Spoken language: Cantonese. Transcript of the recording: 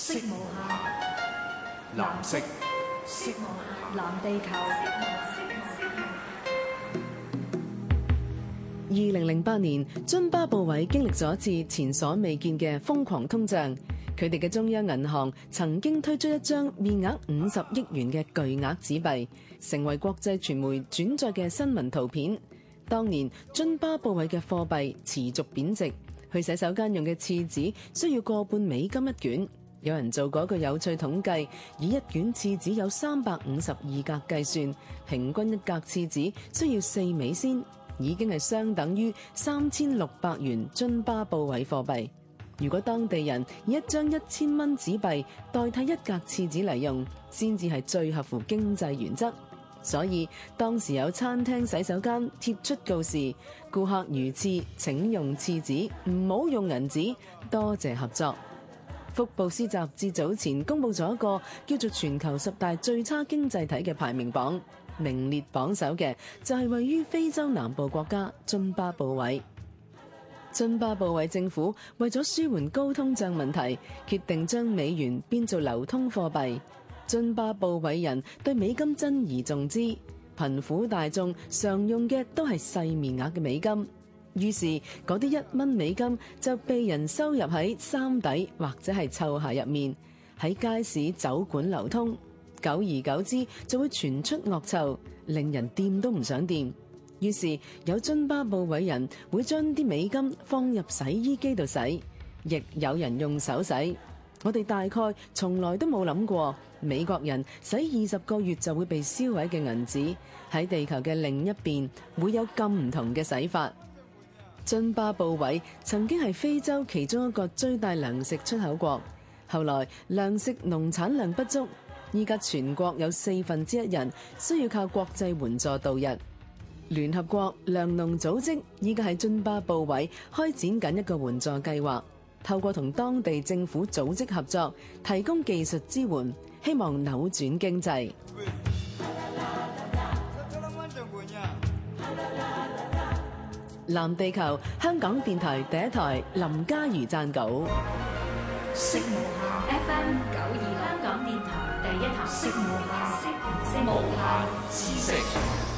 色母下藍色，藍地球。二零零八年，津巴布韋經歷咗一次前所未見嘅瘋狂通脹。佢哋嘅中央銀行曾經推出一張面額五十億元嘅巨額紙幣，成為國際傳媒轉載嘅新聞圖片。當年，津巴布韋嘅貨幣持續貶值，去洗手間用嘅廁紙需要個半美金一卷。有人做過一個有趣統計，以一卷廁紙有三百五十二格計算，平均一格廁紙需要四美仙，已經係相等於三千六百元津巴布韋貨幣。如果當地人以一張一千蚊紙幣代替一格廁紙嚟用，先至係最合乎經濟原則。所以當時有餐廳洗手間貼出告示，顧客如廁請用廁紙，唔好用銀紙，多謝合作。福布斯雜志早前公布咗一個叫做全球十大最差經濟體嘅排名榜，名列榜首嘅就係位於非洲南部國家津巴布韋。津巴布韋政府為咗舒緩高通脹問題，決定將美元變做流通貨幣。津巴布韋人對美金珍而重之，貧苦大眾常用嘅都係細面額嘅美金。於是嗰啲一蚊美金就被人收入喺衫底或者係臭鞋入面，喺街市酒館流通。久而久之就會傳出惡臭，令人掂都唔想掂。於是有津巴布韋人會將啲美金放入洗衣機度洗，亦有人用手洗。我哋大概從來都冇諗過，美國人洗二十個月就會被燒毀嘅銀紙，喺地球嘅另一邊會有咁唔同嘅洗法。津巴布韋曾經係非洲其中一個最大糧食出口國，後來糧食農產量不足，依家全國有四分之一人需要靠國際援助度日。聯合國糧農組織依家喺津巴布韋開展緊一個援助計劃，透過同當地政府組織合作，提供技術支援，希望扭轉經濟。藍地球，香港電台第一台，林嘉瑜撰稿。F M 九二，香港電台第一台。